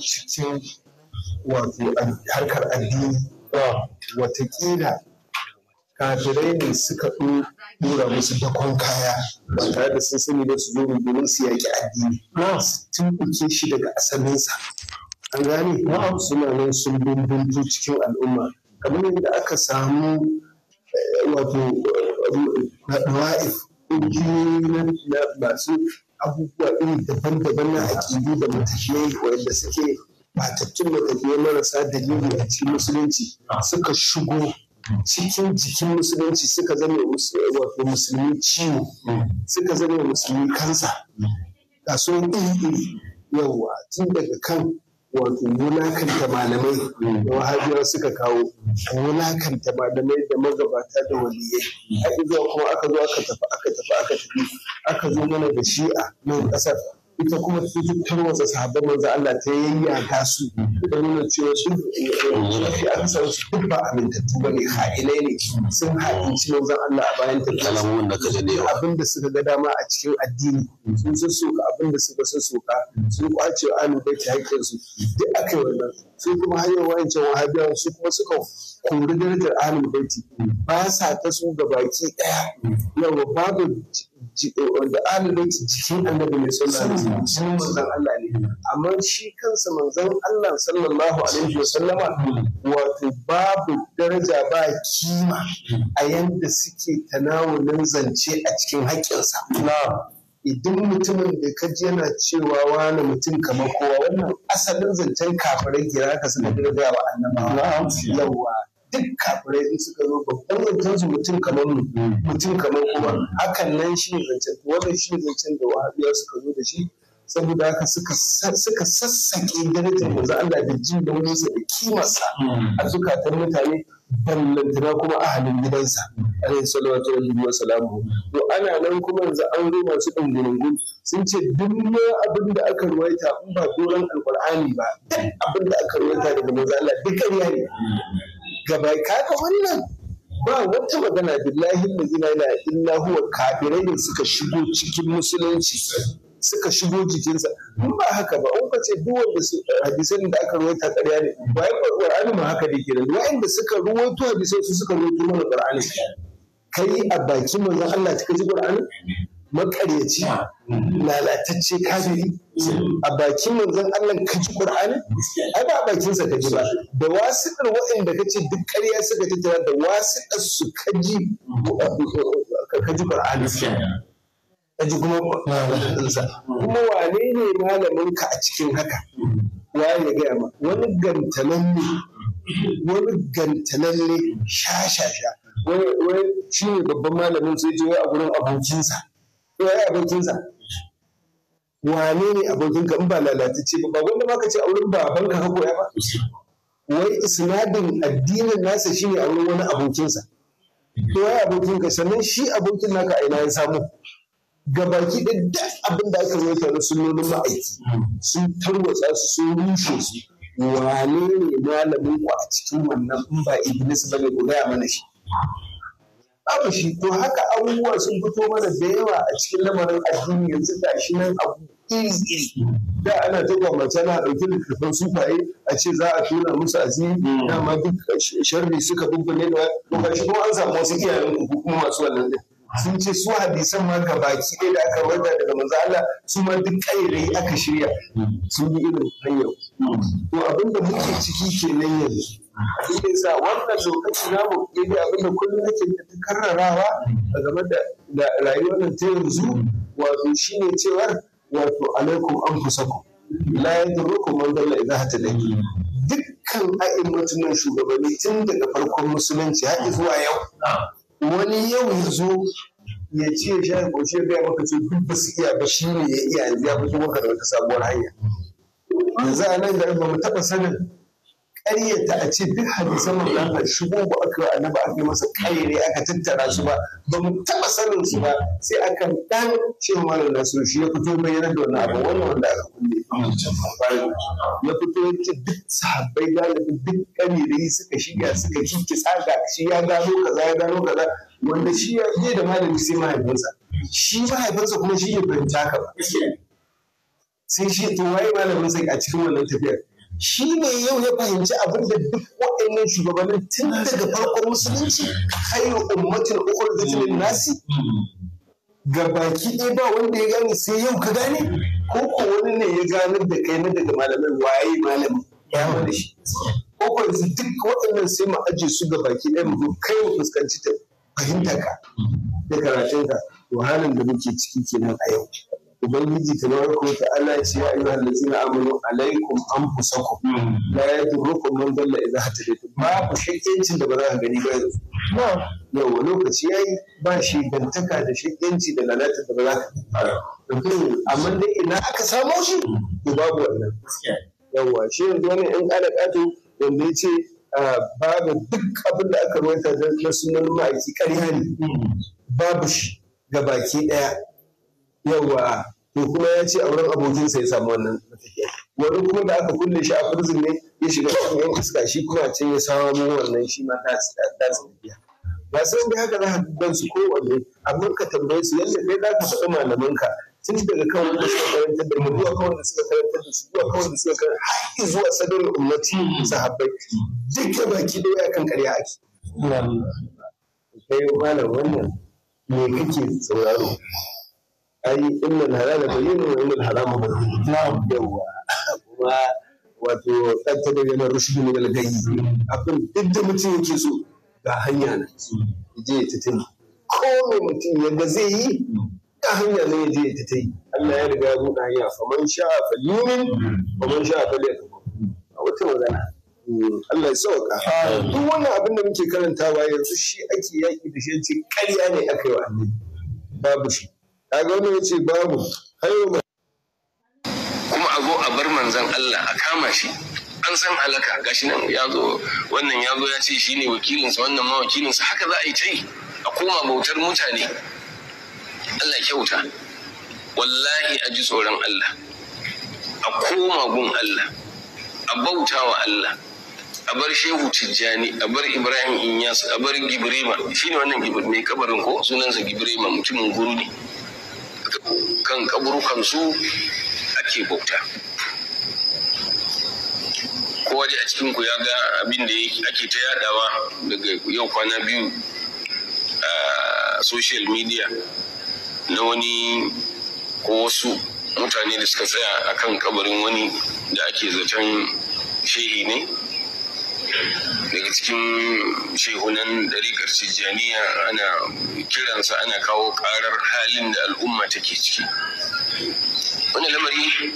cikin wato harkar addini watakila kafirai ne suka dora musu dakon kaya ba tare da sun sani da su zo domin su yaƙi addini tun kuke shi daga asalinsa an gane suna nan sun bumbuntu cikin al'umma kamar yadda aka samu eh, wato eh, wa'if ƙungiyoyi na masu abubuwa iri daban-daban na aƙidu da mutashiyai wanda suke matattun matafiya marasa dalili a cikin musulunci suka shigo cikin jikin musulunci suka zama wato musulmi ciwo suka zama musulmi kansa ga sun iri-iri yawwa tun daga kan wato wulakanta malamai da suka kawo wulakanta malamai da magabata da waliyai har zuwa kuma aka zo aka tafi aka tafi aka tafi aka zo mana da shi'a nan ƙasar ita kuma sai ta tarwatsa sahabban manzo Allah ta yayyaka su da nuna cewa su mafi akasar su duk ba amintattu ba ne ha'ilai ne sun ha'inci manzo Allah a bayan tattalamun da kaje abin da suka ga dama a cikin addini sun so su abin da suka so soka sun kwace alu bai ta haƙƙin su duk aka yi wannan sun kuma hanyar wayancan wahabiya su kuma suka kori darajar ahlul baiti ba sa ta su ga baki daya yawa babu Eh, da alibaiti jikin annabi ne sallallahu manzon Allah ne amma shi kansa manzon Allah sallallahu alaihi wa sallama wato babu daraja ba kima a yanda suke tanawulin zance a cikin haƙƙinsa idan mutumin da ka ji yana cewa wani mutum kamar kowa wannan asalin zancen kafirai kira ka suka daraja wa annabawa yawa duk kafirai in suka zo babban zancen su mutum kamar mu mutum kamar kuma hakan nan shi ne zancen wannan shi ne zancen da wahabiya suka zo da shi saboda haka suka sassaƙe darajar za Allah da jin da wani da kimarsa a zukatan mutane ballantana kuma ahalin gidansa alayhi salatu wa salamu to ana nan kuma yanzu an zo masu dungurungun sun ce duk abinda aka ruwaita in ba doron alqur'ani ba duk abin aka ruwaita daga manzo Allah duk ƙarya ne gaba kaga wannan ba wata magana billahi lazina ila illa huwa kafirai da suka shigo cikin musulunci suka shigo jikinsa in ba haka ba in ce duk wanda su hadisan da aka ta ƙarya ne ba ya ƙwarƙwarani ma haka da ke da wa'anda suka ruwaito hadisan su suka ruwaito mana ƙwarƙani kai a bakin manzon Allah cikin ji ƙwarƙani makaryaci mm. lalatacce kafiri a bakin manzon Allah ka ji Qur'ani ai ba a bakin sa ka ji ba da wasiɗar waɗanda ce duk ƙarya suka tattara da wasiɗar su ka ji ka ji Qur'ani ka ji kuma sa kuma wane ne malamin ka a cikin haka mm. waye ya gaya ma wani gantalan ne wani gantalan ne sha sha sha wani shi ne babban malamin sai je a gurin abokinsa ya abokinsa wane ne abokinka in ba lalatacce ba ba wanda baka ce a wurin babanka ka koya ba wai isnadin addinin nasa shine a wurin wani abokinsa to ya abokinka sannan shi abokin naka a ina ya samu gabaki da duk abin da aka zo tare sun nuna ma'aiki sun tarwatsa su sun rushe su wane ne malamin ku a cikin wannan in ba iblis bane ko gaya mana shi abashi to haka abubuwa sun fito mana da yawa a cikin lamarin addini yanzu ga shi nan abu da ana ta gwamnati na ɗauki littattafan sufaye a ce za a tona musu azini dama duk sharri suka bubbune da kuma shi an samu wasu iyayen ku kuma masu wannan din sun ce su hadisan ma ga baki ɗaya da aka wanda daga manzo Allah su ma duk kairai aka shirya sun yi irin hanyar to abinda muke ciki kenan yanzu shi ne sa wannan lokaci na mu daidai abin da kullum nake ta karrarawa a game da rayuwar nan ta yanzu wato shi ne cewar wato alaikum an fusaku la yadurrukum man dalla idza hatadaki dukkan a'immatu shugabanni tun daga farkon musulunci har zuwa yau wani yau ya zo ya ce ya sha ko shi ya maka ce duk ba su iya ba shi ne ya iya yanzu ya fito maka da wata sabuwar hanya yanzu a nan garin ba mu taɓa sanin ƙaryata a ce duk hadisan manzo Allah shigo ba aka annabi aka masa ƙaryare aka tattara su ba ba mu taɓa sanin su ba sai aka dan ce na Nasiru shi ya fito bayyana da wannan abu wannan wanda aka kulle ya fito ya ce duk sahabbai galibin duk ƙaryare suka shiga suka kike tsaga shi ya gano kaza ya gano kaza wanda shi ya je da malami sai mahaifinsa shi mahaifinsa kuma shi ya fahimta ka ba sai shi to waye malamin sai a cikin wannan tafiyar shi ne yau ya fahimci abin da duk waɗannan shugabannin tun daga farkon musulunci khairu ummatin ukhrijat lin nasi ga baki ɗaya ba wanda ya gane sai yau ka gane ko ko wani ne ya gane da kai na daga malamai waye malami ya wani shi ko ko duk waɗannan sai mu aje su ga baki ɗaya mu kai mu fuskanci ta fahimta ka da karatunka to halin da muke ciki kenan a yau ubangiji ko ta ala ce ya ayyuha allazina amanu alaikum anfusakum hmm. la yadurrukum man dalla idza hatadaytum ba ku shakkiyancin da ba za ka gani ba yanzu yawa lokaci yayi ba shi dantaka da shakkiyanci da lalata da ba za ka gani amma dai ina aka samo shi to babu wannan yawa shi yanzu wani in ƙara ƙato wanda ya ce babu duk abin da aka rawaita na sunan ma'aiki ƙarya ne hmm. babu shi ga baki ɗaya yawwa to kuma ya ce auren abokinsa ya samu wannan wani kuma da aka kulle shi a prison ne ya shiga cikin yan iska shi kuma ce ya samu wannan shi ma ta tafiya ba sai da haka za ka gan su kowanne amma ka tambaye su yadda kai za ka faɗi malamanka tun daga kan wanda suka karanta, da mu zuwa kan wanda suka karanta da su zuwa kan wanda suka karanta, har zuwa sadar ummati sahabbai duk da baki da ya kan ƙarya ake kai malam wannan me kake tsauraro ai al halala bayyinun wa al harama bayyinun na'am yawa kuma wato tsabta da yana rushdu ne al-gayyi abin duk da mutum yake so ga hanya na je ya tafi. ko me mutum ga zai yi ga hanya ne ya je ya tafi. Allah ya riga ya buɗe hanya fa man fa yumin fa man sha'a falyakfur a wata magana mm, Allah ya sauka. Duk wannan abin da muke karantawa yanzu shi ake yaki da shi ce ƙarya ne aka yi wa annabi. Babu shi. kaga ya ce babu hayo kuma a zo a bar manzan Allah a kama shi an san alaka gashi nan ya zo wannan ya zo ya ce shine wakilinsa wannan ma wakilinsa haka za a yi tayi, a koma bautar mutane Allah kyauta wallahi a ji tsoron Allah a koma gun Allah a bauta wa Allah a bar shehu tijjani a bar ibrahim inyas a bar gibrima shine wannan gibrima kabarin ko sunansa gibrima mutumin guru ne kan kaburukansu ake bauta kowa dai a cikinku ya ga abin da ake ta yadawa daga yau kwana biyu a social media na wani ko wasu mutane da suka tsaya a kan kabarin wani da ake zaton shehi ne daga cikin shehunan ɗarikar tijjaniya ana kiransa ana kawo ƙarar halin da al'umma take ciki wani lamari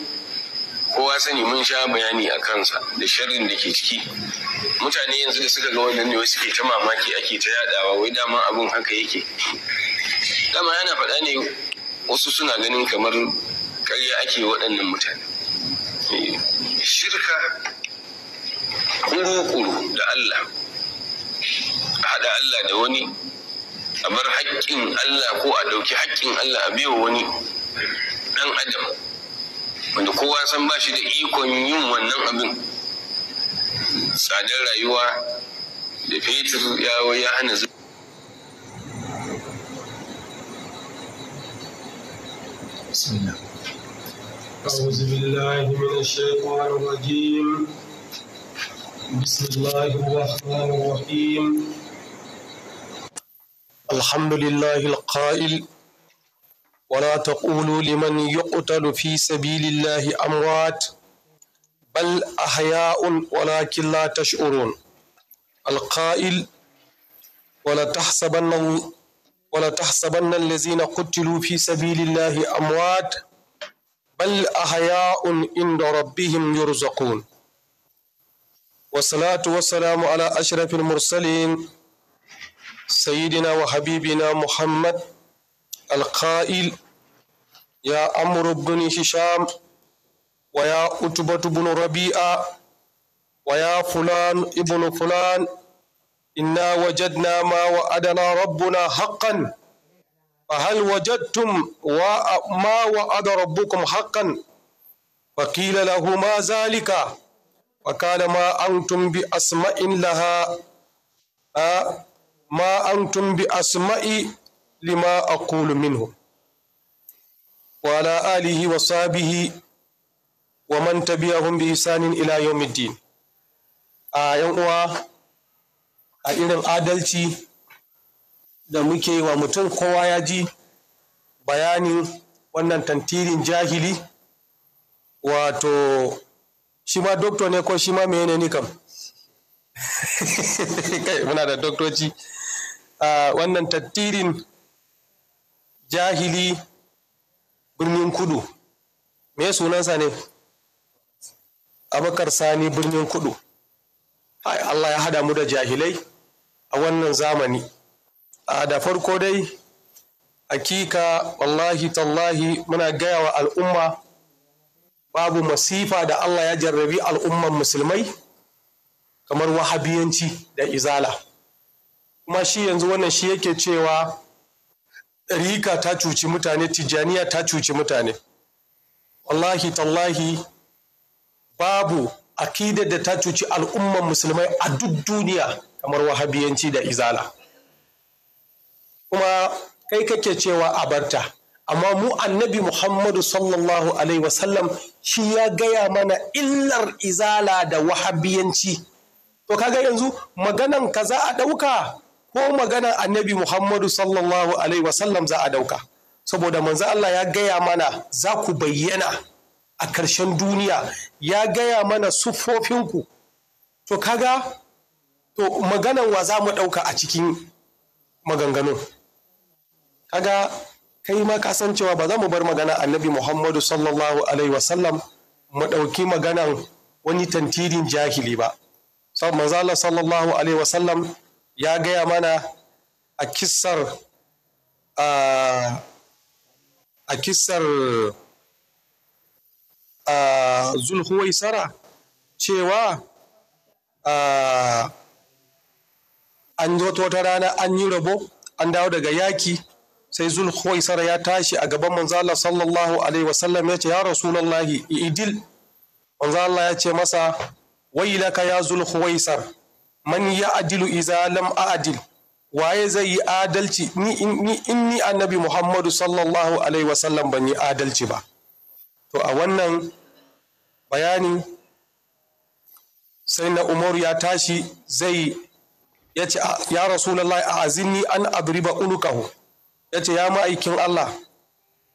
kowa sani mun sha bayani a kansa da sharrin da ke ciki mutane yanzu da suka ga wannan ne suke ta mamaki ake ta yadawa wai dama abun haka yake dama yana faɗa ne wasu suna ganin kamar karya ake waɗannan mutane eh, shirka kuru da Allah a haɗa Allah da wani a bar haƙƙin Allah ko a ɗauki haƙƙin Allah a biyo wani ɗan adam wanda kowa san ba shi da ikon yin wannan abin tsadar rayuwa da fetur ya hana zuwa بسم الله أعوذ بالله من الشيطان الرجيم بسم الله الرحمن الرحيم الحمد لله القائل ولا تقولوا لمن يقتل في سبيل الله أموات بل أحياء ولكن لا تشعرون القائل ولا تحسبن ولا تحسبن الذين قتلوا في سبيل الله أموات بل أحياء عند ربهم يرزقون والصلاة والسلام على أشرف المرسلين سيدنا وحبيبنا محمد القائل يا أمر بن هشام ويا أتبة بن ربيعة ويا فلان ابن فلان إنا وجدنا ما وعدنا ربنا حقا فهل وجدتم ما وعد ربكم حقا فقيل له ما ذلك وقال ما أنتم بأسماء لها ما أنتم بأسماء لما أقول منه وعلى آله وصحبه ومن تبعهم بإحسان إلى يوم الدين a yan uwa a irin adalci da muke wa mutum kowa ya ji bayanin wannan tantirin jahili wato shi ma doktor ne ko shi ma mene ni kam kai muna da doktoci wannan tattirin jahili birnin kudu me sunansa ne abakar sani birnin kudu allah ya hada mu da jahilai a wannan zamani da farko dai hakika wallahi tallahi muna gaya wa al'umma babu masifa da Allah ya jarrabi al'umman musulmai kamar wahabiyanci da izala kuma shi yanzu wannan shi yake cewa Rika ta cuci mutane tijjaniya ta cuci mutane wallahi tallahi babu akidar da ta cuci al'umman musulmai a duk duniya kamar wahabiyanci da izala kuma kai kake cewa a barta amma mu annabi muhammadu sallallahu alaihi wasallam shi ya gaya mana illar izala da wahabiyanci to kaga yanzu maganan ka za a ɗauka ko maganan annabi muhammadu sallallahu alaihi wasallam za a ɗauka saboda manzo Allah ya gaya mana za ku bayyana a ƙarshen duniya ya gaya mana sufofinku to kaga to maganan wa za mu ɗauka a cikin maganganun kaga kai ma ka san cewa ba za mu bar magana annabi muhammadu sallallahu alaihi wasallam mu ɗauki maganan wani tantirin jahili ba sau manzala sallallahu alaihi wasallam ya gaya mana a kissar a kissar zulhuwaisara cewa an wata rana an yi rabo an dawo daga yaki sai zulhuwaisar ya tashi a gaban manzo Allah sallallahu alaihi wasallam ya ce ya rasulullahi idil manzo Allah ya ce masa wailaka ya zulhuwaisar man ya adilu iza lam adil waye zai yi adalci ni in ni annabi Muhammadu sallallahu alaihi wasallam ban yi adalci ba to a wannan bayani sai na umaru ya tashi zai ya ce ya rasulallah a azinni an adriba unukahu ya ce ya ma'aikin Allah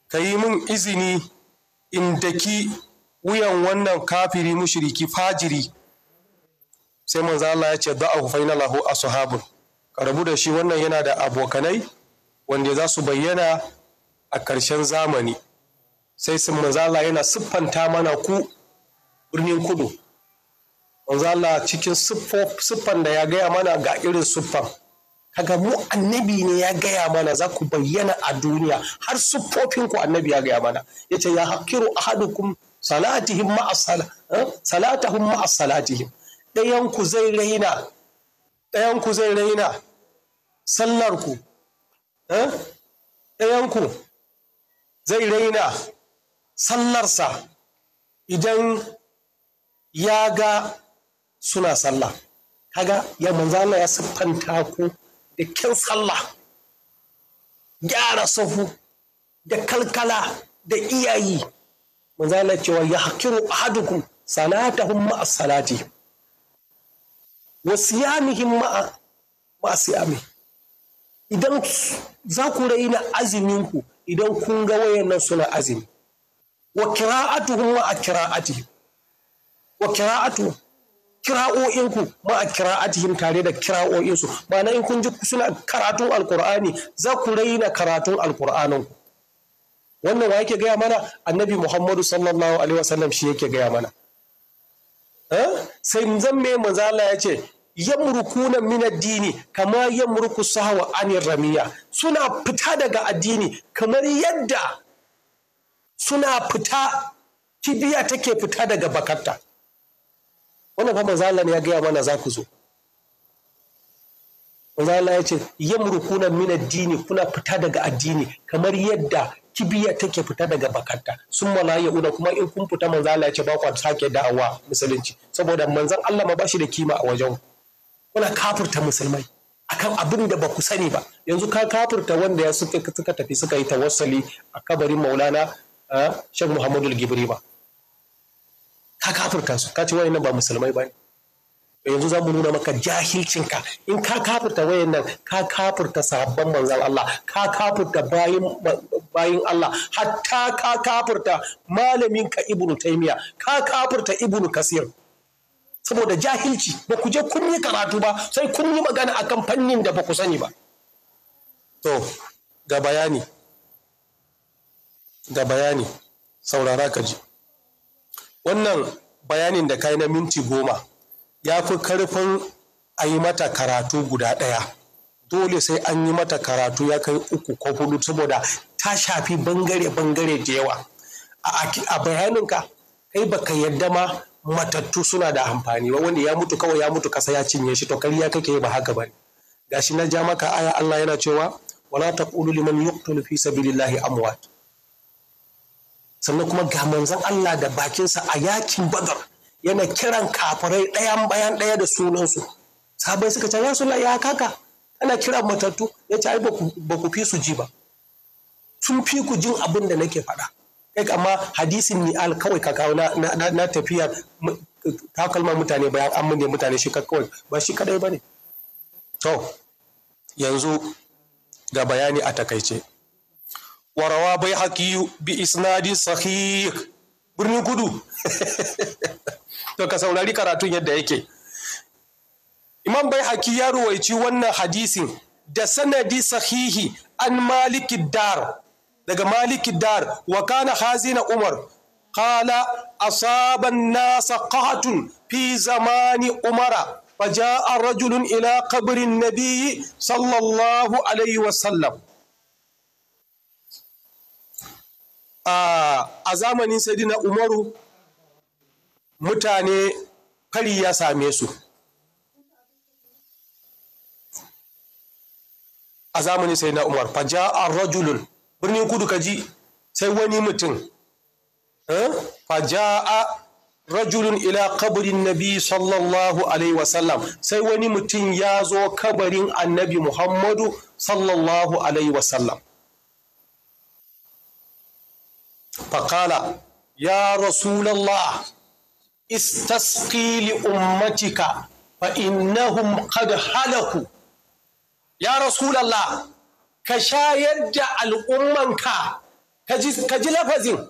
ka yi min izini in daki wuyan wannan kafiri mushiriki fajiri sai manzo Allah ya ce kufai faina lahu ashabun ka rabu da shi wannan yana da abokanai wanda za su bayyana a ƙarshen zamani sai sun manzo Allah yana siffanta mana ku birnin kudu manzo cikin siffan da ya gaya mana ga irin siffan kaga mu annabi ne ya gaya mana za ku bayyana a duniya har siffofin ku annabi ya gaya mana yace ya hakiru ahadukum salatihim ma'a eh? salatahum ma'a salatihim ɗayan ku zai raina ɗayan ku zai raina sallar ku eh? ɗayan ku zai raina sallarsa idan ya ga suna sallah kaga ya manzo Allah ya siffanta ku da kyan sallah gyara sahu da kalkala da iyayi manzala cewa ya hakiru ahadukum salatahum ma'a salati wa siyamihim ma'a masu yami idan za ku raina aziminku idan kun ga wayannan suna azimi? wa kira'atuhum ma'a kira'atihim wa kira'atuhum kira'o'inku ma a kira'atihim tare da kira'o'insu ma'ana in kun ji suna karatun alkur'ani za ku raina karatun alkur'anin wannan wa yake gaya mana annabi muhammadu sallallahu alaihi wasallam shi yake gaya mana eh? sai zan mai mazala ya ce yamrukuna min addini kama yamruku sahwa anir ramiya suna fita daga addini kamar yadda suna fita kibiya take fita daga bakarta wannan fa manzo Allah ne ya gaya mana za ku zo manzo Allah ya ce yamrukuna min ad-dini kuna fita daga addini kamar yadda kibiya take fita daga bakarta sun mala ya una kuma in kun fita manzo Allah ya ce ba ku sake da'awa musulunci saboda manzo Allah ma bashi da kima a wajen kuna kafirta musulmai akan abin da ba ku sani ba yanzu ka kafirta wanda ya suka tafi suka yi tawassali a kabarin maulana eh, Sheikh Muhammadu Gibri ba ka kafirta su ka ce nan ba musulmai ba ne yanzu za mu nuna maka jahilcinka in ka kafirta wayannan ka kafirta sabon manzan Allah ka kafirta bayin Allah hatta ka kafirta malamin ka ibnu taymiya ka kafirta ibnu kasir saboda jahilci ba ku je kun yi karatu ba sai kun yi magana akan fannin da ba ku sani ba to ga bayani ga bayani saurara ka ji wannan bayanin da kai na minti goma ya fi karfin a yi mata karatu guda ɗaya dole sai an yi mata karatu ya kai uku ko hudu saboda ta shafi bangare-bangare da yawa a bayanin ka, kai baka yadda ma matattu suna da amfani ba wanda ya mutu kawai ya mutu kasa ya cinye shi to kariya kake ba haka bane gashi na ja maka aya Allah yana cewa wala taqulu liman yuqtalu fi sabilillahi amwat sannan kuma ga manzon Allah da bakinsa a yakin badar yana kiran kafirai ɗayan bayan ɗaya da sunansu sabai suka ce ya ya kaka ana kiran matattu ya ce ai ba ku fi su ji ba sun fi ku jin abin da nake faɗa kai amma hadisin ni al, kawai ka kawo na tafiya takalman mutane bayan an mune mutane shi kawai ba shi kadai ba ne to yanzu ga bayani a takaice warawa bai haƙi bi isnadi sahih birnin kudu to ka saurari karatun yadda yake imam bai haƙi ya ruwaici wannan hadisin da sanadi sahihi an maliki dar daga maliki dar wa kana hazina umar qala asaban nasa qahatun fi zamani umara فجاء رجل إلى قبر النبي صلى الله عليه وسلم a zamanin Sayyidina Umaru mutane fari ya same su a zamanin Sayyidina Umar faja ar-rajulun birnin kudu kaji sai wani mutum eh, faja rajulun ila kabarin nabi sallallahu alaihi wasallam sai wani mutum ya zo kabarin annabi muhammadu sallallahu alaihi wasallam فقال يا رسول الله استسقي لأمتك فإنهم قد هلكوا يا رسول الله كشايد الأمم كا كجي لفظين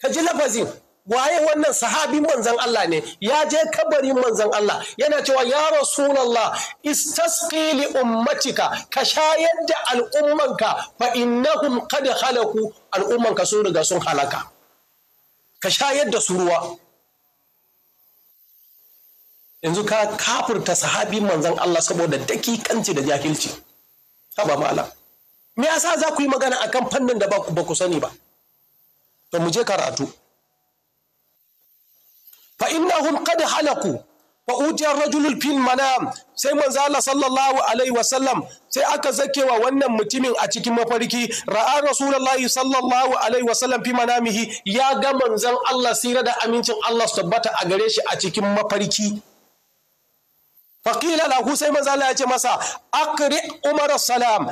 كجي لفظين waye wannan sahabin manzan Allah ne ya je kabarin manzan Allah yana cewa ya rasulallah istasqi li ummatika ka shayar da al'ummanka fa innahum qad halaku al'ummanka sun riga sun halaka ka shayar da su ruwa yanzu ka kafurta sahabin manzan Allah saboda dakikanci da jahilci haba ma'ala. me yasa za ku yi magana akan fannin da ba ku sani ba to mu je karatu fa innahum qad halaku fa utiyar rajulul fil manam sai manzo Allah sallallahu alaihi wasallam sai aka zakewa wannan mutumin a cikin mafarki ra'a rasulullahi sallallahu alaihi wasallam fi manamihi ya ga manzon Allah sira da amincin Allah su tabbata a gare shi a cikin mafarki faqila lahu sai manzo Allah ya ce masa akri umar salam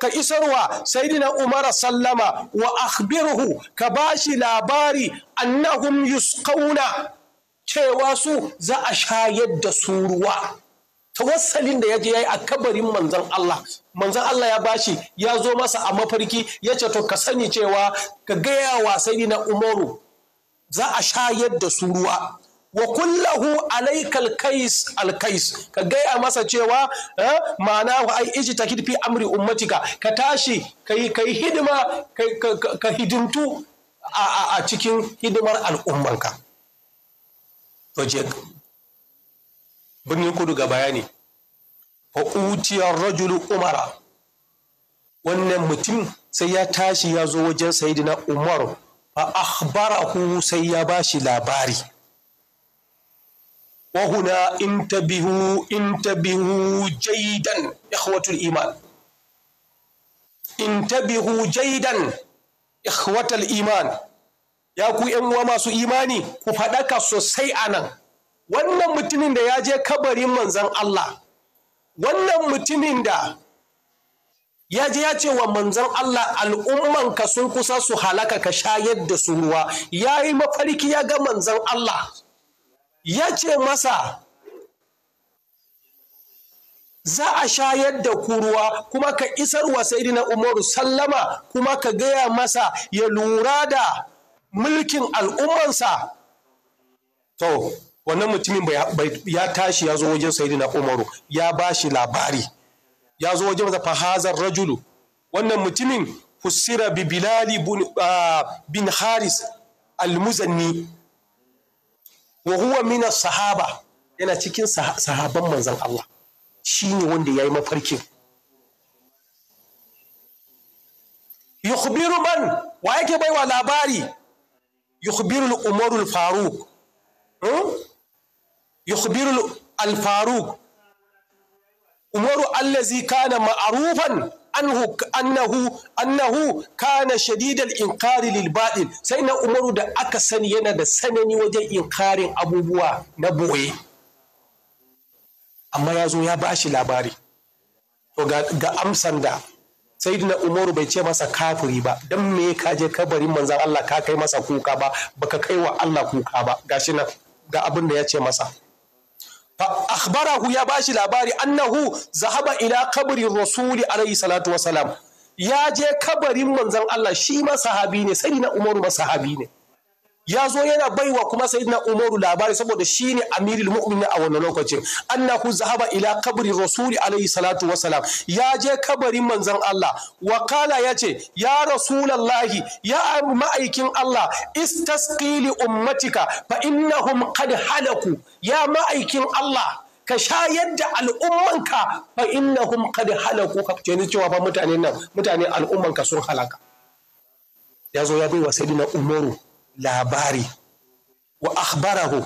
ka isarwa sayyidina umar sallama wa akhbirhu ka bashi labari annahum yusqauna cewa su za a shayar da su ruwa tawassalin da yaje yayi a kabarin manzon Allah manzon Allah ya bashi ya zo masa a mafarki ya ce to ka sani cewa ka gaya wa Saidina umaru za a shayar da su ruwa wa kullahu alaikal kais alkais ka gaya masa cewa eh, ma'ana wa ai iji ta fi amri ummatika ka tashi ka yi hidima ka hidimtu a cikin hidimar al'ummanka project birnin kudu ga bayani fa utiya rajulu umara wannan mutum sai ya tashi ya zo wajen sayidina umar fa akhbarahu sai ya bashi labari Wahuna انتبهوا انتبهوا جيدا إخوة الإيمان انتبهوا ya ku ‘yan uwa masu imani ku faɗaka sosai anan. nan wannan mutumin da ya je kabarin manzan Allah wannan mutumin da ya je ya ce wa manzan Allah al'ummanka sun kusa su halaka ka shayar su ruwa ya yi mafarki ya ga manzan Allah ya ce masa za a shayar da ku kuma ka isar wa saidina umaru sallama kuma ka gaya masa ya lura da mulkin al'ummansa to wannan mutumin ya tashi ya zo wajen na umaru ya ba shi labari ya zo wajen masa fahazar rajulu wannan mutumin fusira bi bilali ah, bin haris al-muzanni wa huwa mina sahaba yana cikin sahaban manzan Allah shi ne wanda ya yi mafarkin yukhbiru man wa yake baiwa labari yukhbiru al-umaru al-faruq hmm? yukhbiru al-faruq umaru allazi kana ma'rufan anhu annahu annahu kana shadidal inkari lil batil sai na umaru da aka sani yana da sanani wajen inkarin abubuwa na boye amma ya zo ya bashi labari to ga, amsan da sayyidina umaru bai ce masa kafiri ba dan me ka je kabarin manzan Allah ka kai masa kuka ba baka kai wa Allah kuka ba gashi nan ga abin da ya ce masa akhbarahu ya bashi labari annahu zahaba ila kabri rasuli alaihi salatu wasalam ya je kabarin manzon Allah shi ma sahabi ne sai na Umaru ma sahabi ne ya zo yana baiwa kuma sayyidina umaru labari saboda shi ne amirul mu'mini a wannan lokacin annahu zahaba ila kabri rasuli alaihi salatu wasalam ya je kabarin manzon Allah wa ya ce, ya rasulullahi ya ma'aikin Allah istaskili li ummatika fa innahum qad halaku ya ma'aikin Allah ka sha da al'ummanka fa innahum qad halaku ka ce cewa fa mutanen nan mutane al'ummanka sun halaka ya zo ya baiwa sayyidina umaru labari wa akhbarahu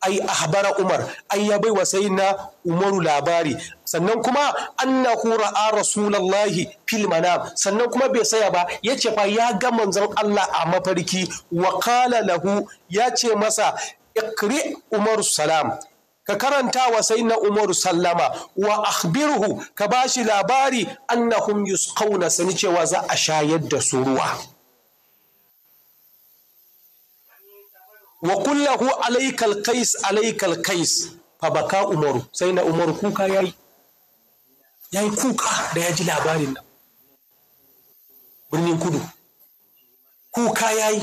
ai akhbara umar ai ya bai wa sayyidina umaru labari sannan kuma annahu ra'a rasulullahi fil manam sannan kuma bai saya ba yace fa ya ga manzon Allah a mafarki wa qala lahu yace masa ikri umaru salam ka karanta wa Saina umaru sallama wa akhbirhu ka bashi labari annahum yusqawna sani cewa za a shayar da su ruwa wa kullahu alaikal kais alaikal kais fa baka umaru sai na umaru kuka yayi yayi kuka da ya ji labarin nan birnin kudu kuka yayi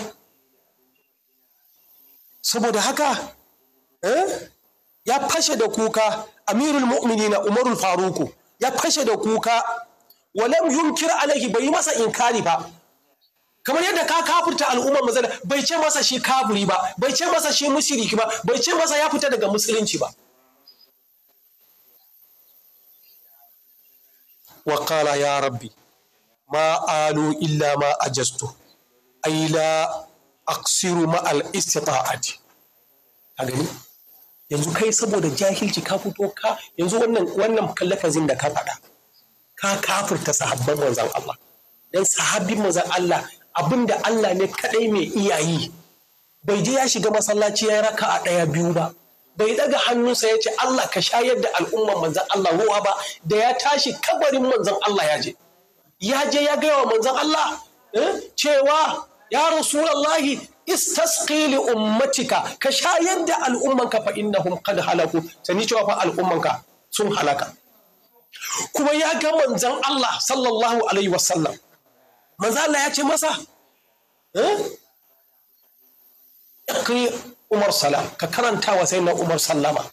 saboda haka eh, ya fashe da kuka amirul na umarul faruku ya fashe da kuka walam yunkir alaihi bai yi masa inkari ba kamar yadda ka kafurta al'ummar mazana bai ce masa shi kaburi ba bai ce masa shi musiriki ba bai ce masa ya fita daga musulunci ba wa ya rabbi ma alu illa ma ajastu ay la aksiru ma al istita'ati a gani yanzu kai saboda jahilci ka fito ka yanzu wannan wannan kallakazin da ka faɗa ka kafurta sahabban manzon Allah dan sahabbin manzon Allah abin da Allah ne kaɗai mai iyayi bai ji ya shiga masallaci ya raka a ɗaya biyu ba bai daga hannunsa ya ce Allah ka shayar da al'umman manzan Allah ruwa ba da ya tashi kabarin manzan Allah ya je ya je ya gaya wa manzan Allah eh, cewa ya rasulallahi istasqi li ummatika ka shayar da al'ummanka fa innahum qad halaku sani cewa fa ka sun halaka kuma ya ga manzan Allah sallallahu alaihi wasallam manzo Allah ya ce masa eh, kai Umar salam ka karanta wa sai na Umar sallama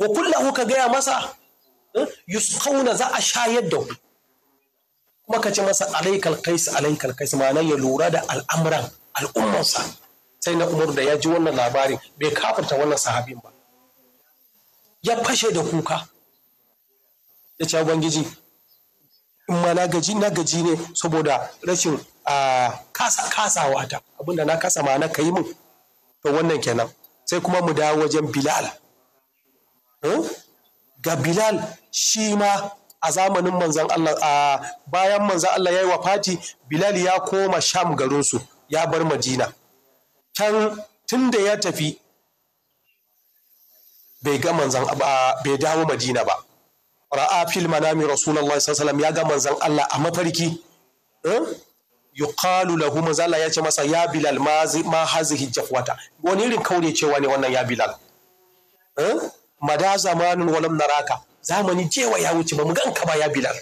wa kullahu ka gaya masa eh, yusqawna za a shayar da kuma ka ce masa alaikal kais alaikal ya lura da al'amuran al'ummarsa sai na Umar da ya ji wannan labarin bai kafarta wannan sahabin ba ya fashe da kuka ya ce ubangiji ma na gaji na gaji ne saboda rashin a kasa kasawa ta abinda na kasa ma na kai mun to wannan kenan sai kuma mu dawo wajen bilal eh? ga bilal shi ma a zamanin manzan Allah a bayan manzan Allah ya yi wafati bilal ya koma sham garinsu ya bar madina can tunda ya tafi bai ga manzan bai dawo madina ba ra'a fil manami rasulullahi sallallahu ya ga manzon Allah a mafarki eh? yuqalu lahu manzon Allah ya ce masa ya bilal ma ma hazihi jafwata wani irin kaure cewa ne wannan ya bilal eh? mada zamanin walam naraka zamani cewa ya wuce ba mu ganka ba ya bilal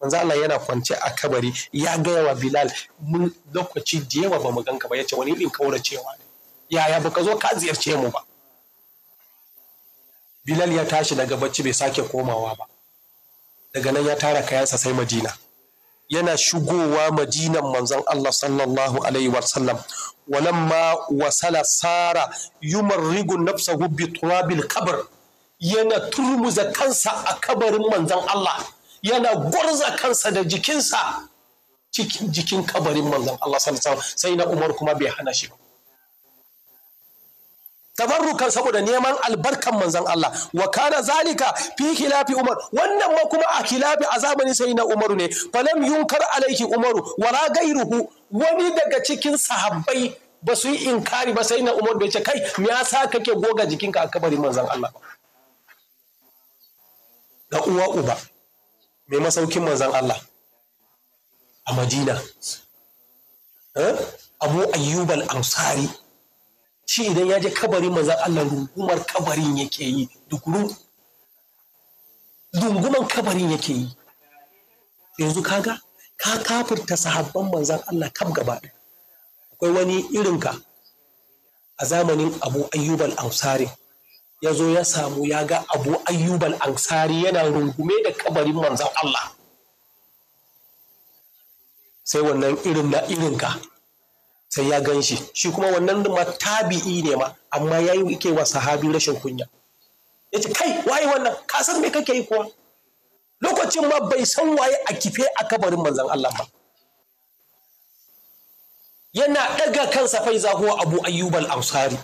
manzon Allah yana kwance a kabari ya gaya wa bilal mun lokaci da yawa ba mu ganka ba ya ce wani irin kaure cewa ne yaya baka zo ka ziyarce mu ba Bilal ya tashi daga bacci bai sake komawa ba. daga nan ya tara kayansa sai madina yana shigowa madinan manzon Allah sallallahu alaihi wa sallam walamma wasala sara yumarrigu nafsahu bi turabil qabr yana turmuza kansa a kabarin manzon Allah yana gurza kansa da jikinsa cikin jikin kabarin manzon Allah sallallahu alaihi wa sallam sai na Umar kuma bai hana shi ba tabarrukan saboda neman albarkan manzon Allah wa kana zalika fi khilafi umar wannan ma kuma a khilafi a zamanin sai na umaru ne falam yunkar alaihi umaru wala gairuhu wani daga cikin sahabbai ba su yi inkari ba sai na umar bai ce kai me yasa kake goga jikinka a kabarin manzon Allah ga uwa uba mai masaukin manzon Allah a Madina eh? Abu Ayyub al-Ansari shi idan ya je kabarin manzan Allah rungumar kabarin yake yi dukuru dunguman kabarin yake yi yanzu kaga ka kafirta sahabban manzan Allah kam gaba akwai wani irin ka? a zamanin abu ayyubal ansari ya zo ya samu ya ga abu ayyubal ansari yana rungume da kabarin manzan Allah sai wannan irin na ka? sai ya gan shi shi kuma wannan ma tabi'i ne ma amma ya yi ke wa sahabi rashin kunya ya ce kai waye wannan ka san me kake yi kuwa lokacin ma bai san waye a kife a kabarin manzan Allah ba yana ɗaga kansa fai zahuwa abu ayyubal ansari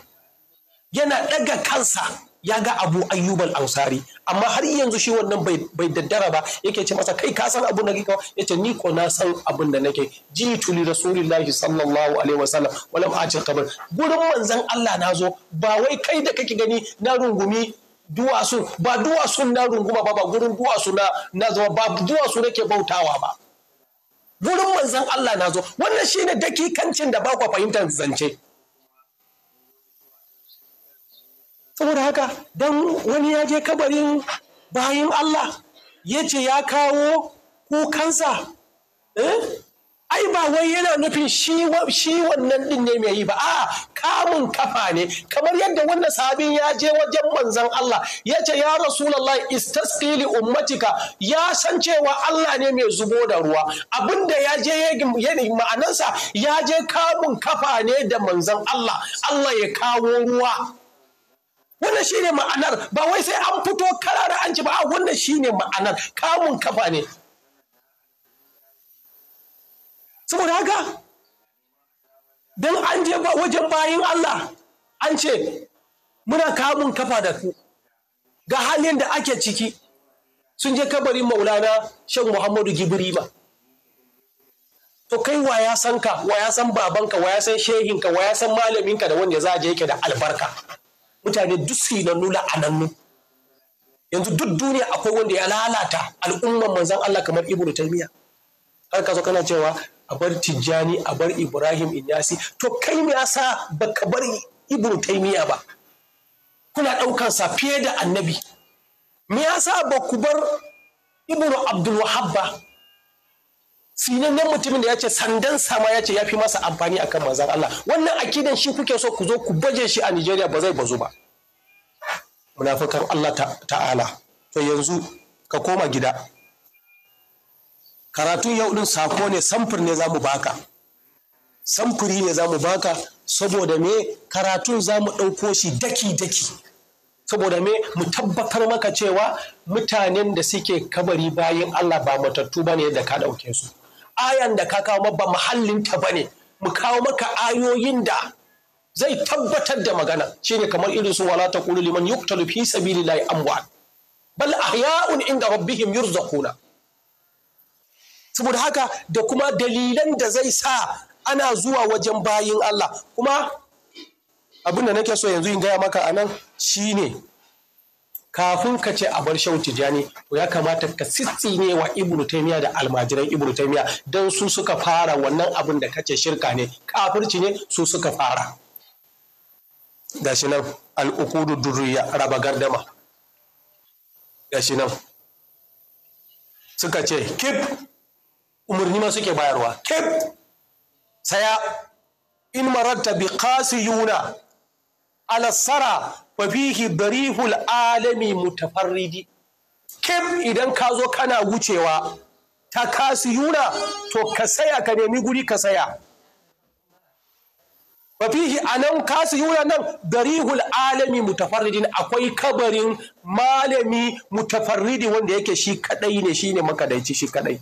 yana ɗaga kansa ya ga abu ayyubal ansari amma har yanzu shi wannan bai daddara ba yake ce masa kai ka san abun da kake ya ce ni ko na san abun da nake ji tuli rasulullahi sallallahu alaihi wasallam walam ajin kabar gurin manzon Allah na ba wai kai da kake gani na rungumi duwatsu ba duwatsu na runguma ba ba gurin duwatsu na na zama ba duwatsu nake bautawa ba gurin manzon Allah na zo wannan shine dakikancin da ba ku fahimtar zance saboda haka don wani ya je kabarin bayan Allah ya ce ya kawo kukansa eh? ai ba wai yana nufin shi wannan din ne mai yi ba a kamun kafa ne kamar yadda wanda Sabin ya je wajen manzan Allah ya ce ya rasulullah istasqili ummatika ya san cewa Allah ne mai zubo da ruwa abinda ya je ma'anansa ya je kamun kafa ne da manzan Allah Allah ya kawo ruwa wannan shine ma'anar ba wai sai an fito karara an ci ba wannan shine ma'anar kamun kafa ne saboda haka don an je wajen bayin Allah an ce muna kamun kafa da ku ga halin da ake ciki sun je kabarin maulana shan muhammadu gibiri ba to kai wa ya san ka wa ya san babanka wa ya san shehinka wa ya san malaminka da wanda za a je yake da albarka mutane duk su yi nuna yanzu duk duniya akwai wanda ya lalata al'umman manzan Allah kamar ibnu taymiya har ka zo kana cewa a bar tijjani a bar ibrahim inyasi to kai me yasa baka bar ibnu taymiya ba kuna ɗaukar sa fiye da annabi me yasa ba ku bar ibnu abdul wahab ba sinannen mutumin da ya ce sandan sama ya ce ya fi masa amfani akan manzan Allah wannan akidan shi kuke so ku zo ku baje shi a Nigeria ba zai bazu ba munafikan Allah ta'ala to yanzu ka koma gida karatu yau ɗin sako ne samfur ne za mu baka samfuri ne za zamu baka saboda me karatun za mu ɗauko shi daki daki saboda me mu tabbatar maka cewa mutanen da suke kabari bayan Allah ba matattu ba ne yadda ka ɗauke su ayan da ka kawo ba mahallinta ba ne mu kawo maka ayoyin da zai tabbatar da magana shine kamar irin su wala taqulu liman yuqtalu fi sabilillahi amwat bal ahya'un inda rabbihim yurzaquna saboda haka da kuma dalilan da zai sa ana zuwa wajen bayin Allah kuma abin da nake so yanzu in gaya maka anan shine kafin ka ce a bar shan tijani ya kamata ka ne wa ibnu taymiya da almajiran ibnu taymiya dan su suka fara wannan abin da kace shirka ne kafirci ne su suka fara gashi nan al'ukudu durriya raba gardama gashi nan suka ce kip umarni ma suke bayarwa kip saya in maratta bi qasiyuna alassara wa fihi darihul alami mutafarridi kim idan ka zo kana wucewa ta kasiyuna to ka saya ka nemi guri ka saya wa fihi anan kasiyuna nan darihul alami mutafarridin akwai kabarin malami mutafarridi wanda yake shi kadai ne shine makadaici shi kadai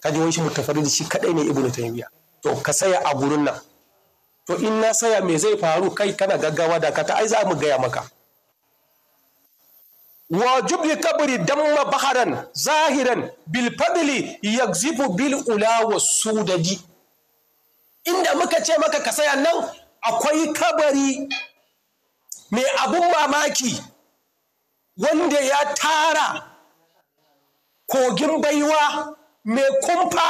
kaje wani shi mutafarridi shi kadai ne ibnu taymiya to ka saya a gurin nan to in na saya me zai faru kai kana gaggawa da kata ai za mu gaya maka wa jubli kabri damma baharan zahiran bil fadli yakzibu bil ula wa sudadi inda muka ce maka ka saya nan akwai kabari mai abun mamaki wanda ya tara kogin baiwa mai kumfa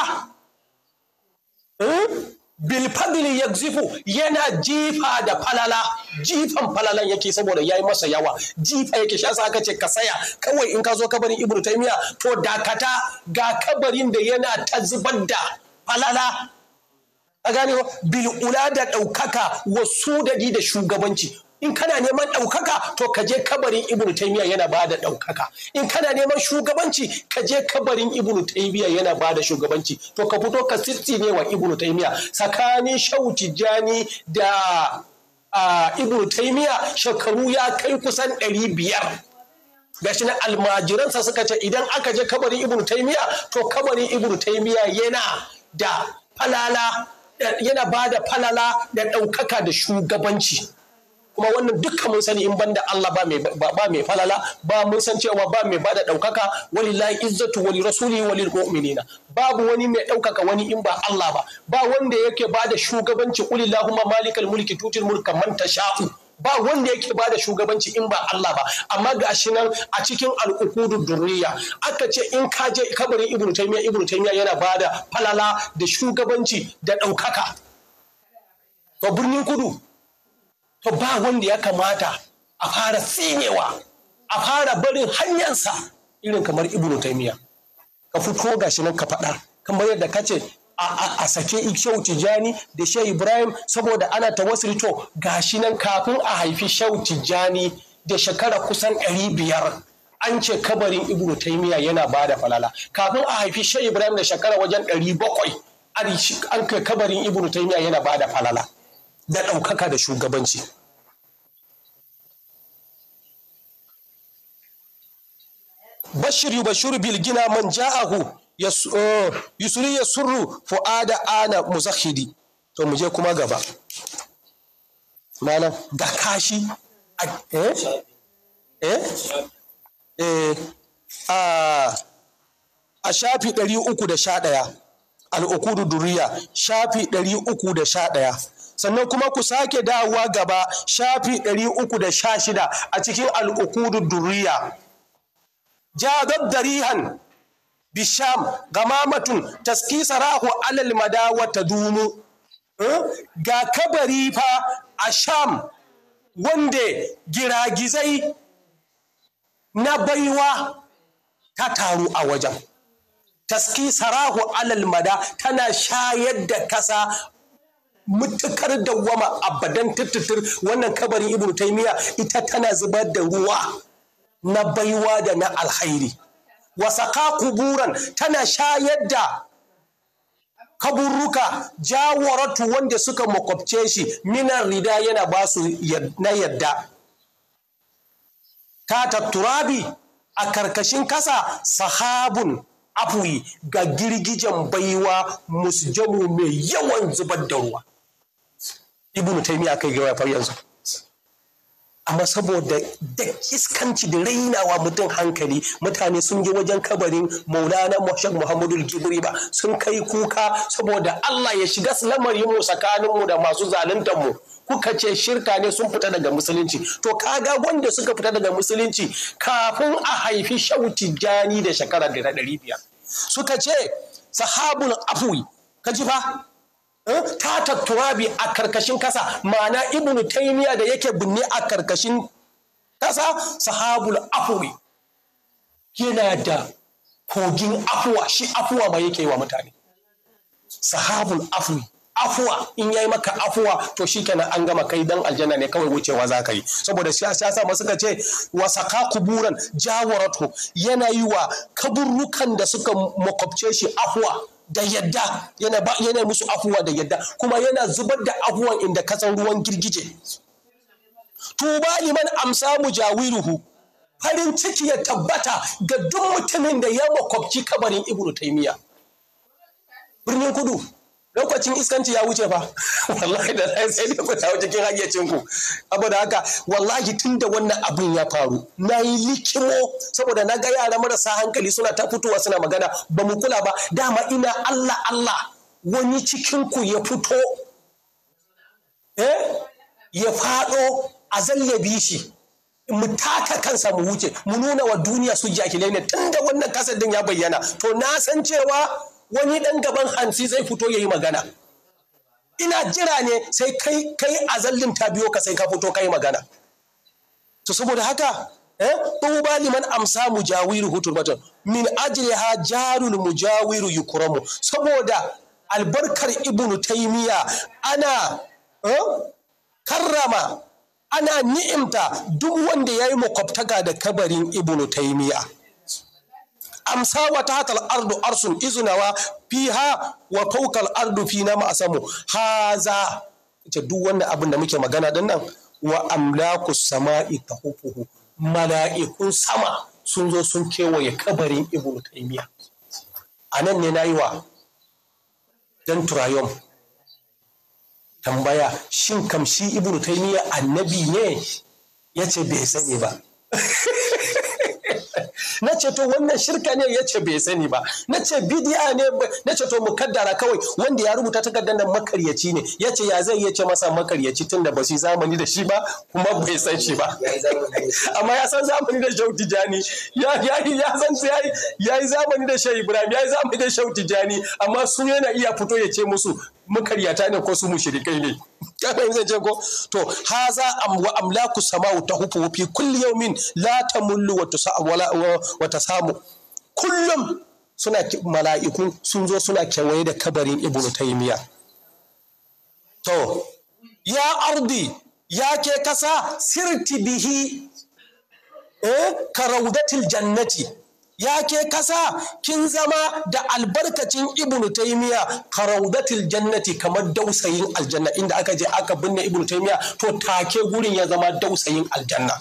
hmm? bilfadili ya zifu yana jifa da falala jifan falalan yake saboda ya yi masa yawa jifa yake sha sa aka ce ka saya kawai in ka zo kabarin ibnu taimiya to dakata ga kabarin da yana ta zubar da falala a gane da ɗaukaka wasu dadi da shugabanci in kana neman ɗaukaka to ka je kabarin ibnu taymiya yana ba da ɗaukaka in kana neman shugabanci ka je kabarin ibnu taymiya yana ba da shugabanci to ka fito ka sirti ne wa ibnu taymiya tsakanin shauci jani da ibnu taymiya shekaru ya kai kusan ɗari biyar gashi na almajiransa suka ce idan aka je kabarin ibnu taymiya to kabarin ibnu taymiya yana da falala yana ba da falala da ɗaukaka da shugabanci kuma wannan duka mun sani in banda Allah ba mai ba mai falala ba mun san cewa ba mai bada daukaka walillahi izzatu wali rasuli wali mu'minina babu wani mai daukaka wani in ba Allah ba ba wanda yake bada shugabanci kulillahumma malikal mulki tutil mulka man tasha'u ba wanda yake ba da shugabanci in ba Allah ba amma ga shi nan a cikin al'ukudu duniya aka ce in ka je kabarin ibnu taymiya ibnu taymiya yana ba da falala da shugabanci da ɗaukaka to birnin kudu to ba wanda ya kamata a fara tsinewa a fara barin hanyarsa irin kamar ibnu taimiya ka fito gashi nan ka faɗa kamar yadda ka ce a sake shehu tijjani da shai ibrahim saboda ana tawassuli to gashi nan kafin a haifi shau tijjani da shekara kusan ɗari biyar an ce kabarin ibnu taimiya yana ba da falala kafin a haifi shai ibrahim da shekara wajen ɗari bakwai an kai kabarin ibnu taimiya yana ba da falala da ɗaukaka da shugabanci bashir yi bashir bilgina man ja'ahu oh, yusuri ya surru fu'ada ana muzahidi to mu je kuma gaba malam ga kashi eh eh eh a shafi ɗaya al'ukudu duriya shafi ɗari uku da sha ɗaya. sannan kuma ku sake dawowa gaba shafi 316 a cikin al'ukudu duriya jadab darihan bisham gamamatun taskisarahu alal madawa ta dumu eh, ga kabari fa a sham wanda giragizai na baiwa ta taru a wajen taski sarahu alal mada tana shayar da kasa mutukar dawwama abadan tuttutur wannan kabarin ibnu taymiya ita tana zubar da ruwa na baiwa da na alhairi wasaka kuburan tana shayar da kaburruka jawaratu wanda suka makwabce shi minan rida yana ba su na yadda ta turabi a karkashin kasa sahabun afwi ga girgijen baiwa musjamu mai yawan zubar da ruwa ibnu taymiya kai gaya far yanzu amma saboda da iskanci da rainawa mutum hankali mutane sun je wajen kabarin maulana mashak muhammadu gibri ba sun kai kuka saboda allah ya shiga lamarin mu tsakaninmu da masu zaluntar mu kuka ce shirka ne sun fita daga musulunci to kaga wanda suka fita daga musulunci kafin a haifi shauti jani da shekara da ɗari biyar suka ce sahabun afwi ka ji fa Eh, tata turabi a karkashin kasa ma'ana ibnu taymiya da yake binne a karkashin kasa sahabul afwi yana da kogin afuwa shi afuwa ma yake wa mutane sahabul afwi afuwa in yayi maka afuwa to shi shikenan an gama kai dan aljanna ne kawai wucewa za ka yi saboda shi yasa ma suka ce wasaka kuburan jawaratu yana yi wa kaburrukan da suka makwabce shi afuwa da yadda yana ba yana musu afuwa da yadda kuma yana zubar da afuwan inda kasan ruwan girgije tuba liman amsa mujawiruhu farin ciki ya tabbata ga duk mutumin da ya makwabci kabarin ibnu taymiya birnin kudu lokacin iskanci ya wuce fa wallahi da na sai da ku dawo cikin hayyacin ku saboda haka wallahi tun da wannan abin ya faru na yi likimo saboda na ga yara marasa hankali suna ta fitowa suna magana ba mu kula ba dama ina Allah Allah wani cikin ku ya fito eh ya fado a zallabi shi mu taka kansa mu wuce mu nuna wa duniya su jakilai ne tun da wannan kasar din ya bayyana to na san cewa wani ɗan gaban hansi zai fito ya yi magana ina jira ne sai kai kai azallin ta biyo ka sai ka fito kai magana to saboda haka eh tuba liman amsa mujawiru batun min ajliha jarul mujawiru yukramu saboda albarkar ibnu taymiya ana eh, karrama ana ni'imta duk wanda yayi makwabtaka da kabarin ibnu taymiya amsa wa tatal ardu arsun izunawa fiha wa faukar ardu fi fina ma asamu haza ce duk wannan abin da muke magana din nan wa amlaku sama'i tahufuhu mala'ikun sama sun zo sun kewaye kabarin ibnu taymiya anan ne nayi wa dan turayom tambaya shin kamshi ibnu taymiya annabi ne yace bai sani ba na ce to wannan shirka ne ya ce bai sani ba na ce bidiya ne na ce to mu kaddara kawai wanda ya rubuta takardar nan makaryaci ne ya ce ya zai ya ce masa makaryaci tun da ba su zamani da shi ba kuma bai san shi ba amma ya san zamani da shau tijani ya san ya zamani da shau ibrahim ya yi zamani da shau tijani amma su yana iya fito ya ce musu makaryata ne ko su mushrikai ne ka zan ce ko to haza a wa amlaku samau tahufu fi kulli yawmin la tamullu wa tusamu wa kullum suna mala'iku sun zo suna kewaye da kabarin ibnu taymiya to ya ardi ya ke kasa sirti bihi eh ka raudatil jannati ya ke kasa kin zama da albarkacin ibnu taymiya karaudatil jannati kamar dausayin aljanna inda aka je aka binne ibnu taymiya to take gurin ya zama dausayin aljanna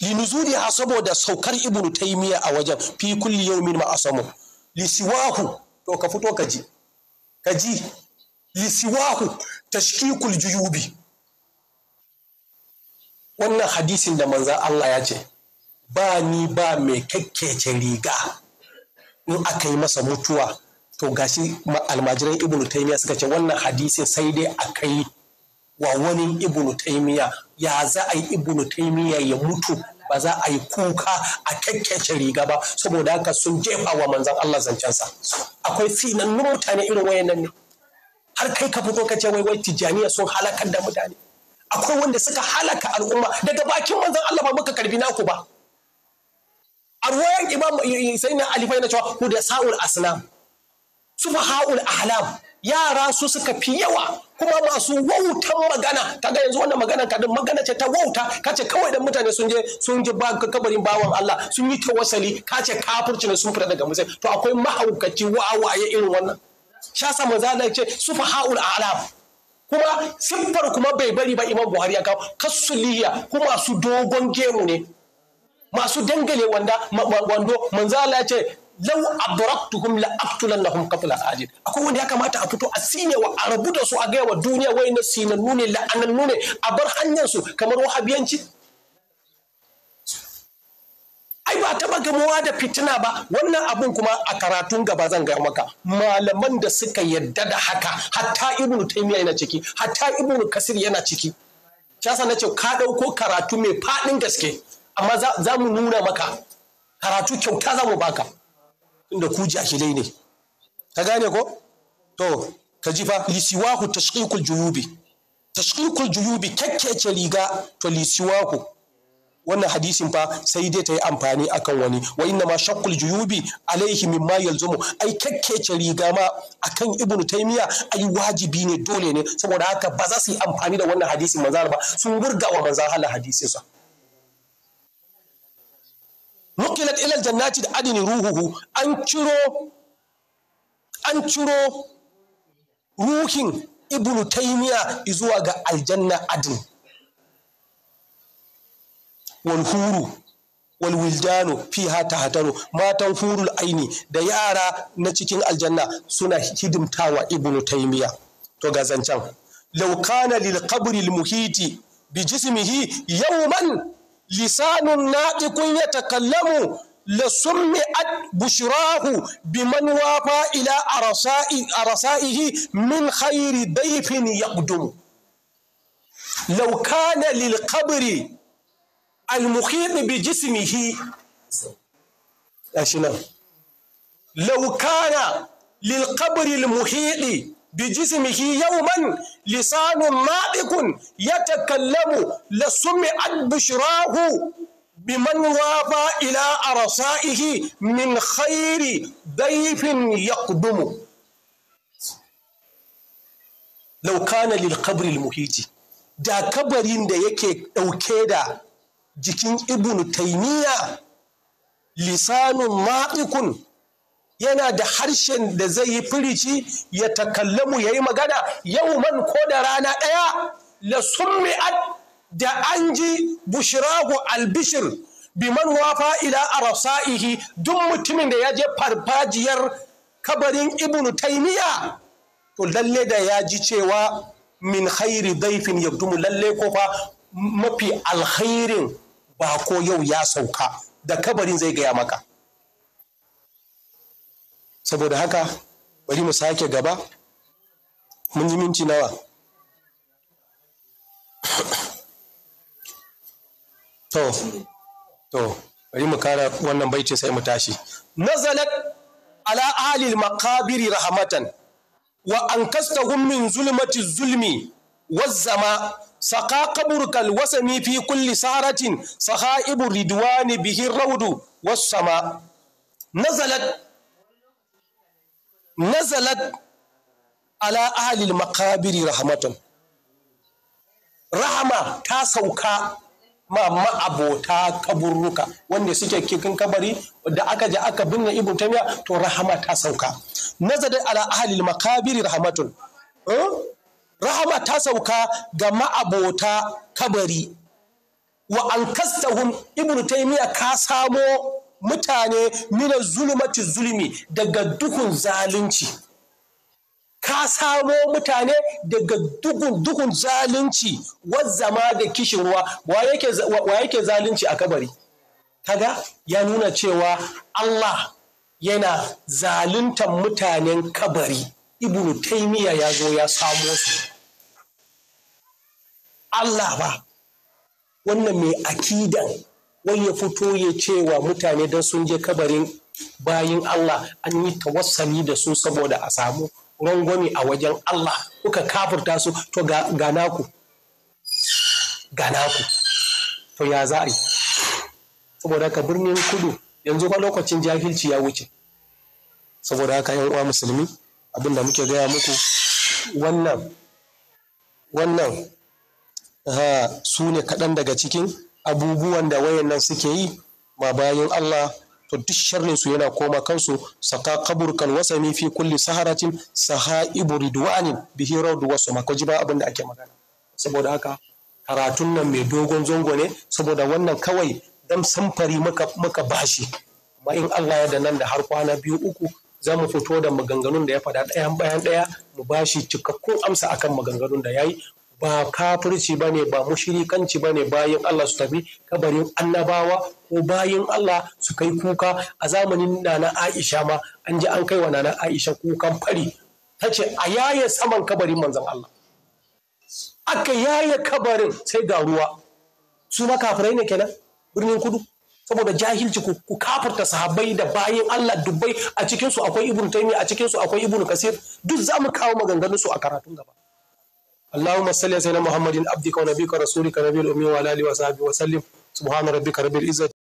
linuzuri ha saboda saukar ibnu taymiya a wajen fi kulli yawmin ma asamu lisiwahu to ka fito ka ji ka ji lisiwahu tashkikul juyubi wannan hadisin da manzan Allah ya ce ba ni ba mai kakkece riga in aka yi masa mutuwa to gashi almajiran ibnu taimiya suka ce wannan hadisin sai dai a kai wa wani ibnu taimiya ya za a yi ibnu taimiya ya mutu ba za a yi kuka a kakkece riga ba saboda haka sun jefa wa manzan Allah zancensa akwai sinannun mutane irin wayannan ne har kai ka fito ka ce wai wai tijaniya sun halakar da mutane akwai wanda suka halaka al'umma daga bakin manzan Allah ba muka karbi naku ba a ruwayan imam eh, eh, sai na alifai na cewa ku da sa'ul asnam ha'ul ahlam yara su suka fi yawa kuma masu wautan magana kaga yanzu wannan magana ka din magana ce ta wauta kace kawai dan mutane sun je sun ji ba kabarin bawan Allah sun yi ta wasali. kace kafirci ne sun fita daga musai to akwai mahaukaci wa'awaye irin wannan sha sa manzo Allah ce ha'ul a'lam kuma siffar kuma bai bari ba Imam Buhari ya kawo kasuliya kuma su dogon gemu ne masu dangane wanda wando manzo Allah ya ce lau abraktuhum la aqtulannahum qatla ajid akwai wanda ya kamata a fito a sine wa a rabu da su a gaya wa duniya wai na nune la'anannune, anan nune a bar hanyar su kamar wahabiyanci ai ba taba gamuwa da fitina ba wannan abun kuma a karatun gaba zan gaya maka malaman da suka yadda da haka hatta ibnu taymiya yana ciki hatta ibnu kasir yana ciki na nace ka ɗauko karatu mai faɗin gaske amma za mu nuna maka karatu kyauta za mu baka inda ku jahilai ne ka gane ko to ka ji fa lisiwaku tashqiqul juyubi tashqiqul juyubi kakkece riga to lisiwaku wannan hadisin fa sai dai ta yi amfani akan wani wa inna ma shakkul juyubi alaihi mimma yalzumu ai kakkece riga ma akan ibnu taymiya ai wajibi ne dole ne saboda haka ba za su yi amfani da wannan hadisin manzal ba sun wurga wa manzal hala hadisinsa sa nukilat ilal jannati da adini ruhuhu an ciro an ciro ruhin ibnu taymiya zuwa ga aljanna adin wal huru wal wildanu fiha matan hurul aini da yara na cikin aljanna suna hidimtawa ibnu taymiya to ga zancan law kana lil qabri al muhiti bi jismihi yawman لسان ناطق يتكلم لسمعت بشراه بمن وافى إلى أرسائه من خير ضيف يقدم لو كان للقبر المخيط بجسمه لو كان للقبر المحيط Bijismihi yau yawman lisanun maɓikun ya takallamu la sumi albushirahu biman wafa ila arsa'ihi min khairi daifin ya kudumu laukana lilkabril muhiji da kabarin da yake ɗauke da jikin ibnu taimiyya lisanun maɓikun yana da harshen da zai yi firici ya takallamu ya yi magana yau man ko da rana ɗaya la summi'at da an ji bushirahu albishir biman wafa ila arasa'ihi duk mutumin da ya je farfajiyar kabarin Ibn taimiya to lalle da ya ji cewa min khairi daifin yabdumu lalle ko fa mafi alkhairin ko yau ya sauka da kabarin zai gaya maka saboda haka bari mu sake gaba mun yi minti nawa to to bari mu kara wannan baiti sai mu tashi nazalat ala alil maqabir rahmatan wa ankastahum min zulmati zulmi wazzama سقى قبرك fi kulli كل سهرة ridwani الردوان به الرود sama nazalat. nazalat ala ahalil makabiri rahmatun rahama ta sauka ma ma'abota kaburruka wanda suke kikin kabari da aka je aka binne ibn tamiya to rahama ta sauka nazalat ala ahalil makabiri rahmatun eh? rahama ta sauka ga ma'abota kabari wa an kastahum ibn taymiya ka samo mutane mina zulumati zulmi daga duhun zalunci ka samo mutane daga duhun zalunci wazzama da kishin ruwa wa yake zalunci a kabari kaga ya nuna cewa Allah yana zaluntan mutanen kabari ibnu taimiya ya zo ya samo su Allah ba wannan mai akidan wai ya fito ya ce wa mutane don sun je kabarin bayin Allah an yi tawassali da su saboda a samu rangwami a wajen Allah kuka kafurta su to ga naku ga naku to ya za a yi saboda ka birnin kudu yanzu kwa lokacin jahilci ya wuce saboda haka yan uwa musulmi abinda muke gaya muku wannan wannan su ne kaɗan daga cikin abubuwan da wayannan suke yi ma bayan Allah to duk sharrin su yana koma kansu saka kaburkan wasami fi kulli saharatin sahaibu ridwanin bihi rawdu wasu ma ba abin da ake magana saboda haka karatun nan mai dogon zango ne saboda wannan kawai dan samfari muka maka bashi amma in Allah ya da nan da har kwana biyu uku za mu fito da maganganun da ya faɗa ɗayan bayan ɗaya mu bashi cikakkun amsa akan maganganun da ya yi ba kafirci ba ne ba mushirikanci ba ne bayan Allah su tafi kabarin annabawa ko bayan Allah su kai kuka a zamanin nana Aisha ma an ji an kai wa nana Aisha kukan fari ta ce a yaye saman kabarin manzon Allah aka yaye kabarin sai ga ruwa su ma kafirai ne kenan birnin kudu saboda jahilci ku kafarta sahabbai da bayan Allah dubbai a cikinsu akwai ibnu taymi a cikinsu akwai ibnu kasir duk za mu kawo maganganun su a karatun gaba اللهم صل على سيدنا محمد عبدك ونبيك ورسولك نبي الأمي وعلى آله وصحبه وسلم سبحان ربك رب العزة